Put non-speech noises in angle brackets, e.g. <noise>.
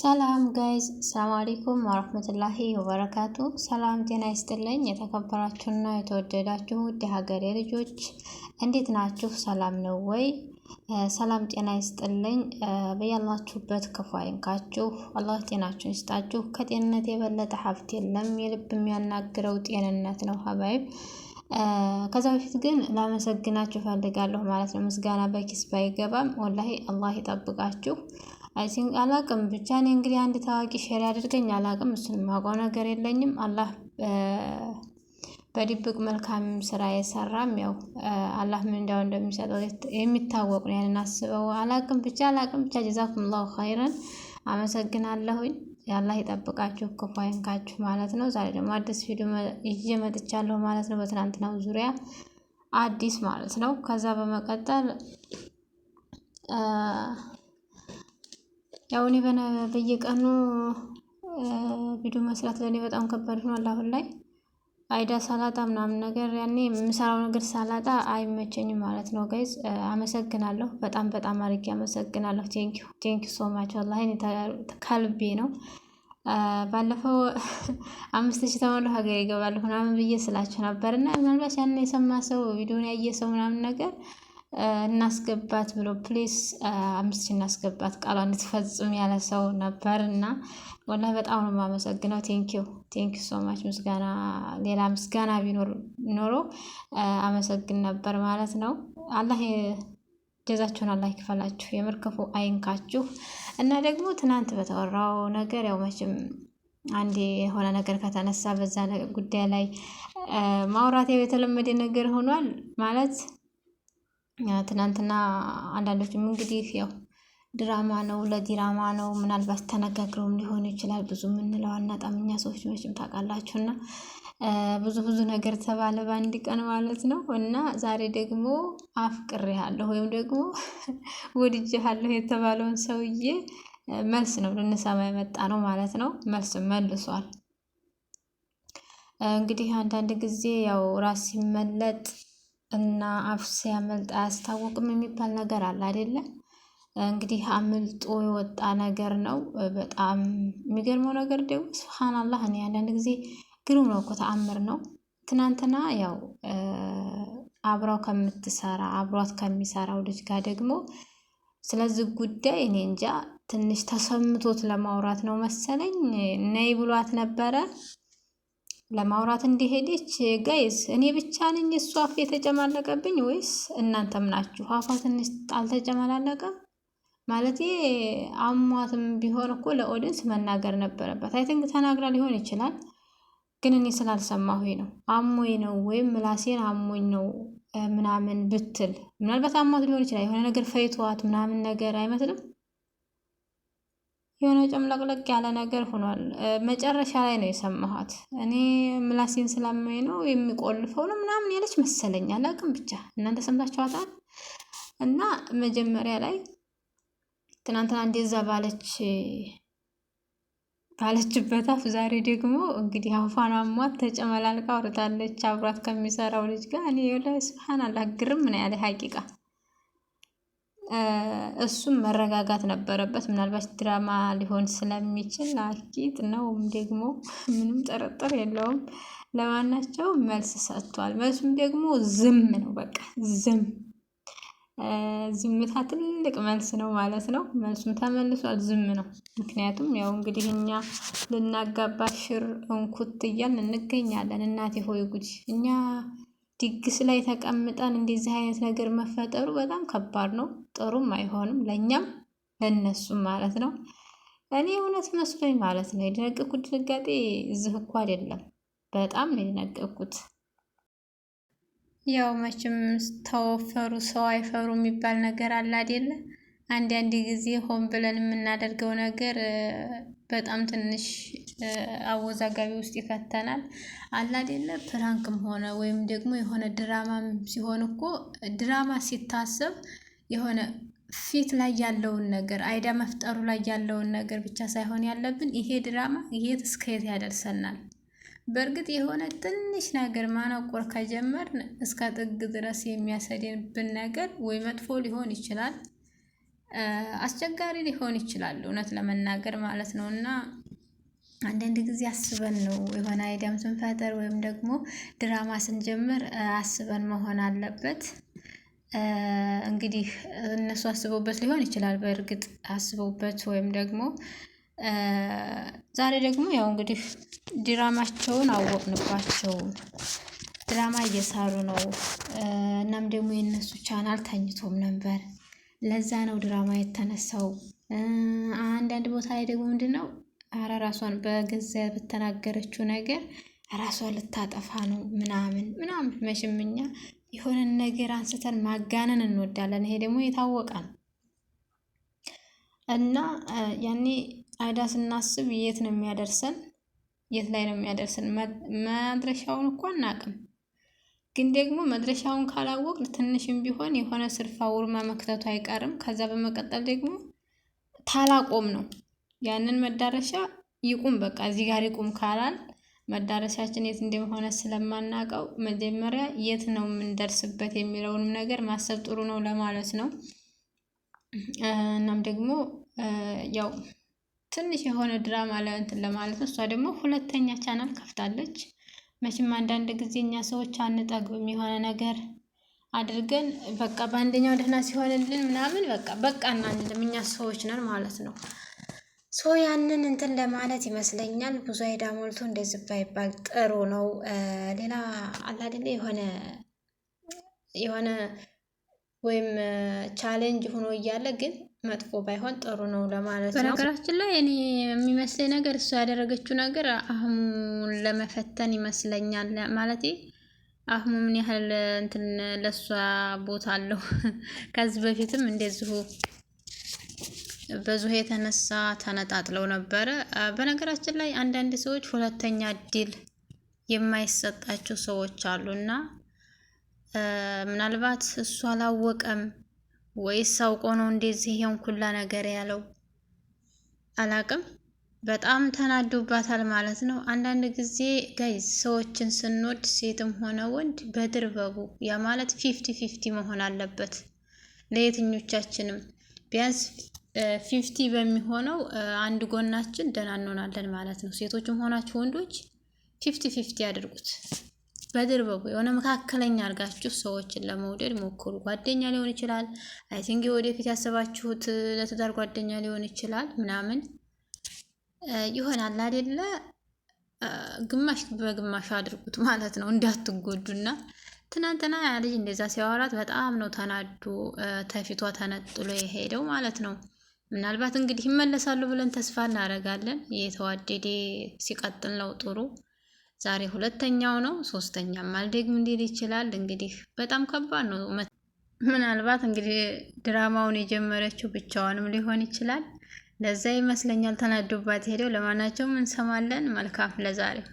ሰላም ጋይዝ ሰላም አለይኩም ወራህመቱላሂ ወበረካቱ። ሰላም ጤና ይስጥልኝ። የተከበራችሁና የተወደዳችሁ ውድ ሀገሬ ልጆች እንዴት ናችሁ? ሰላም ነው ወይ? ሰላም ጤና ይስጥልኝ። በያላችሁበት ክፉ አይንካችሁ፣ አላህ ጤናችሁን ይስጣችሁ። ከጤንነት የበለጠ ሀብት የለም። የልብ የሚያናግረው ጤንነት ነው ሀባይብ ከዛ በፊት ግን ላመሰግናችሁ ፈልጋለሁ ማለት ነው። ምስጋና በኪስ ባይገባም ወላሂ አላህ ይጠብቃችሁ። አይሲን አላቅም ብቻ እኔ እንግዲህ አንድ ታዋቂ ሼር ያደርገኝ አላቅም። እሱን ማውቀው ነገር የለኝም። አላህ በድብቅ መልካም ስራ የሰራም ያው አላህ ምን እንዳው እንደሚሰጠው የሚታወቅ ነው። ያንን አስበው አላቅም ብቻ አላቅም ብቻ ጀዛኩምላሁ ኸይረን አመሰግናለሁኝ። የአላህ ይጠብቃችሁ ክፉ አይንካችሁ ማለት ነው። ዛሬ ደግሞ አዲስ ቪዲዮ ይዤ መጥቻለሁ ማለት ነው። በትናንትናው ዙሪያ አዲስ ማለት ነው። ከዛ በመቀጠል ያው እኔ በየቀኑ ቪዲዮ መስራት ለእኔ በጣም ከባድ ሆኗል። አሁን ላይ አይዳ ሳላጣ ምናምን ነገር ያኔ የምሰራው ነገር ሳላጣ አይመቸኝም ማለት ነው። ጋይዝ አመሰግናለሁ፣ በጣም በጣም አድርጌ አመሰግናለሁ። ቴንኪ ሶ ማች ወላሂ ከልቤ ነው። ባለፈው <laughs> አምስት ሺህ ተሞላሁ ሀገር ይገባለሁ ምናምን ብዬ ስላችሁ ነበር እና ምናልባት ያን የሰማ ሰው ቪዲዮን ያየ ሰው ምናምን ነገር እናስገባት ብሎ ፕሊስ አምስት እናስገባት ቃሏ እንድትፈጽም ያለ ሰው ነበር እና ወላሂ በጣም ነው የማመሰግነው። ቴንኪዩ ቴንኪዩ ሶማች ምስጋና ሌላ ምስጋና ቢኖር ኖሮ አመሰግን ነበር ማለት ነው። አላህ ጀዛችሁን አላህ ይክፈላችሁ፣ የምር ክፉ አይንካችሁ። እና ደግሞ ትናንት በተወራው ነገር ያው መቼም አንድ የሆነ ነገር ከተነሳ በዛ ጉዳይ ላይ ማውራት የተለመደ ነገር ሆኗል ማለት ትናንትና አንዳንዶችም እንግዲህ ያው ድራማ ነው ለዲራማ ነው ምናልባት ተነጋግረውም ሊሆን ይችላል። ብዙ የምንለው እኛ ሰዎች መቼም ታውቃላችሁና ብዙ ብዙ ነገር ተባለ በአንድ ቀን ማለት ነው። እና ዛሬ ደግሞ አፍቅሬሃለሁ ወይም ደግሞ <laughs> ወድጄሃለሁ የተባለውን ሰውዬ መልስ ነው ልንሰማ የመጣ ነው ማለት ነው። መልስ መልሷል። እንግዲህ አንዳንድ ጊዜ ያው ራስ ሲመለጥ እና አፍ ሲያመልጥ አያስታውቅም የሚባል ነገር አለ አይደለ? እንግዲህ አምልጦ የወጣ ነገር ነው። በጣም የሚገርመው ነገር ደግሞ ስብሓናላህ እኔ አንዳንድ ጊዜ ግሩም ነው እኮ ተአምር ነው። ትናንትና ያው አብራው ከምትሰራ አብሯት ከሚሰራው ልጅ ጋር ደግሞ ስለዚህ ጉዳይ እኔ እንጃ ትንሽ ተሰምቶት ለማውራት ነው መሰለኝ ነይ ብሏት ነበረ። ለማውራት እንደሄደች ጋይዝ እኔ ብቻ ነኝ እሱ አፍ የተጨማለቀብኝ ወይስ እናንተም ናችሁ? አፏ ትንሽ አልተጨማላለቀም ማለት አሟትም ቢሆን እኮ ለኦዲንስ መናገር ነበረበት። አይ ቲንክ ተናግራ ሊሆን ይችላል፣ ግን እኔ ስላልሰማሁኝ ነው። አሞኝ ነው ወይም ምላሴን አሞኝ ነው ምናምን ብትል ምናልባት አሟት ሊሆን ይችላል። የሆነ ነገር ፈይቷት ምናምን ነገር አይመስልም። የሆነ ጨምለቅለቅ ያለ ነገር ሆኗል። መጨረሻ ላይ ነው የሰማኋት። እኔ ምላሴን ስላመኝ ነው የሚቆልፈው ነው ምናምን ያለች መሰለኝ፣ አላውቅም። ብቻ እናንተ ሰምታችኋታል። እና መጀመሪያ ላይ ትናንትና እንደዛ ባለች ባለችበት አፍ ዛሬ ደግሞ እንግዲህ አፏን አሟት ተጨመላልቃ አውርታለች አብሯት ከሚሰራው ልጅ ጋር። እኔ ላይ ስብሓን አላግርም ምን ያለ ሀቂቃ እሱም መረጋጋት ነበረበት። ምናልባት ድራማ ሊሆን ስለሚችል አኪት ነው ደግሞ ምንም ጥርጥር የለውም። ለማናቸው መልስ ሰጥቷል። መልሱም ደግሞ ዝም ነው። በቃ ዝም ዝምታ ትልቅ መልስ ነው ማለት ነው። መልሱም ተመልሷል፣ ዝም ነው። ምክንያቱም ያው እንግዲህ እኛ ልናጋባ ሽር እንኩት እያልን እንገኛለን። እናቴ ሆይ ጉድ እኛ ድግስ ላይ ተቀምጠን እንደዚህ አይነት ነገር መፈጠሩ በጣም ከባድ ነው። ጥሩም አይሆንም ለእኛም ለነሱም ማለት ነው። እኔ እውነት መስሎኝ ማለት ነው የደነገጥኩት ድንጋጤ እዚህ እኮ አይደለም፣ በጣም ነው የደነገጥኩት። ያው መቼም ተወፈሩ ሰው አይፈሩ የሚባል ነገር አለ አይደለ? አንዳንድ ጊዜ ሆን ብለን የምናደርገው ነገር በጣም ትንሽ አወዛጋቢ ውስጥ ይከተናል። አለ ፕራንክም ሆነ ወይም ደግሞ የሆነ ድራማም ሲሆን እኮ ድራማ ሲታሰብ የሆነ ፊት ላይ ያለውን ነገር አይዳ መፍጠሩ ላይ ያለውን ነገር ብቻ ሳይሆን ያለብን ይሄ ድራማ የት እስከ የት ያደርሰናል። በእርግጥ የሆነ ትንሽ ነገር ማነቆር ከጀመርን እስከ ጥግ ድረስ የሚያሰድንብን ነገር ወይ መጥፎ ሊሆን ይችላል አስቸጋሪ ሊሆን ይችላል፣ እውነት ለመናገር ማለት ነው እና አንዳንድ ጊዜ አስበን ነው የሆነ አይዲያም ስንፈጥር ወይም ደግሞ ድራማ ስንጀምር አስበን መሆን አለበት። እንግዲህ እነሱ አስበውበት ሊሆን ይችላል፣ በእርግጥ አስበውበት ወይም ደግሞ ዛሬ ደግሞ ያው እንግዲህ ድራማቸውን አወቅንባቸው። ድራማ እየሳሩ ነው። እናም ደግሞ የእነሱ ቻናል ተኝቶም ነበር። ለዛ ነው ድራማ የተነሳው። አንዳንድ ቦታ ላይ ደግሞ ምንድን ነው አረ ራሷን በገዛ በተናገረችው ነገር ራሷን ልታጠፋ ነው ምናምን ምናምን። መቼም እኛ የሆነን ነገር አንስተን ማጋነን እንወዳለን። ይሄ ደግሞ የታወቀ ነው እና ያኔ አይዳ ስናስብ የት ነው የሚያደርሰን? የት ላይ ነው የሚያደርሰን? መድረሻውን እኮ አናቅም። ግን ደግሞ መድረሻውን ካላወቅን ትንሽም ቢሆን የሆነ ስርፋ ውርማ መክተቱ አይቀርም። ከዛ በመቀጠል ደግሞ ታላቆም ነው ያንን መዳረሻ ይቁም በቃ እዚህ ጋር ይቁም ካላል መዳረሻችን የት እንደሆነ ስለማናውቀው መጀመሪያ የት ነው የምንደርስበት የሚለውንም ነገር ማሰብ ጥሩ ነው ለማለት ነው። እናም ደግሞ ያው ትንሽ የሆነ ድራማ ለእንትን ለማለት ነው። እሷ ደግሞ ሁለተኛ ቻናል ከፍታለች። መቼም አንዳንድ ጊዜ እኛ ሰዎች አንጠግብም። የሆነ ነገር አድርገን በቃ በአንደኛው ደህና ሲሆንልን ምናምን በቃ በቃ እናንልም እኛ ሰዎች ነን ማለት ነው። ሶ ያንን እንትን ለማለት ይመስለኛል ብዙ አይዳ ሞልቶ እንደዚህ ባይባል ጥሩ ነው። ሌላ አላደለ የሆነ የሆነ ወይም ቻሌንጅ ሆኖ እያለ ግን መጥፎ ባይሆን ጥሩ ነው ለማለት ነው። በነገራችን ላይ እኔ የሚመስለኝ ነገር እሱ ያደረገችው ነገር አህሙን ለመፈተን ይመስለኛል። ማለት አህሙ ምን ያህል እንትን ለእሷ ቦታ አለው። <laughs> ከዚህ በፊትም እንደዚሁ በዙ የተነሳ ተነጣጥለው ነበረ። በነገራችን ላይ አንዳንድ ሰዎች ሁለተኛ እድል የማይሰጣቸው ሰዎች አሉ እና ምናልባት እሱ አላወቀም ወይስ አውቆ ነው እንደዚህ ይሄን ኩላ ነገር ያለው? አላቅም። በጣም ተናዱባታል ማለት ነው። አንዳንድ ጊዜ ጋይዝ ሰዎችን ስንወድ ሴትም ሆነ ወንድ በድርበቡ ያ ማለት ፊፍቲ ፊፍቲ መሆን አለበት። ለየትኞቻችንም ቢያንስ ፊፍቲ በሚሆነው አንድ ጎናችን ደህና እንሆናለን ማለት ነው። ሴቶችም ሆናችሁ ወንዶች ፊፍቲ ፊፍቲ አድርጉት? በድርበጉ የሆነ መካከለኛ አድርጋችሁ ሰዎችን ለመውደድ ሞክሩ። ጓደኛ ሊሆን ይችላል። አይ ቲንክ ወደፊት ያሰባችሁት ለትዳር ጓደኛ ሊሆን ይችላል ምናምን ይሆናል አይደለ? ግማሽ በግማሽ አድርጉት ማለት ነው እንዳትጎዱና ትናንትና ያ ልጅ እንደዛ ሲያወራት በጣም ነው ተናዱ። ተፊቷ ተነጥሎ የሄደው ማለት ነው። ምናልባት እንግዲህ ይመለሳሉ ብለን ተስፋ እናደርጋለን። የተዋደዴ ሲቀጥል ነው ጥሩ። ዛሬ ሁለተኛው ነው። ሶስተኛ አልደግም ሊል ይችላል። እንግዲህ በጣም ከባድ ነው። ምናልባት እንግዲህ ድራማውን የጀመረችው ብቻዋንም ሊሆን ይችላል። ለዛ ይመስለኛል ተናዶባት ሄደው። ለማናቸውም እንሰማለን። መልካም ለዛሬው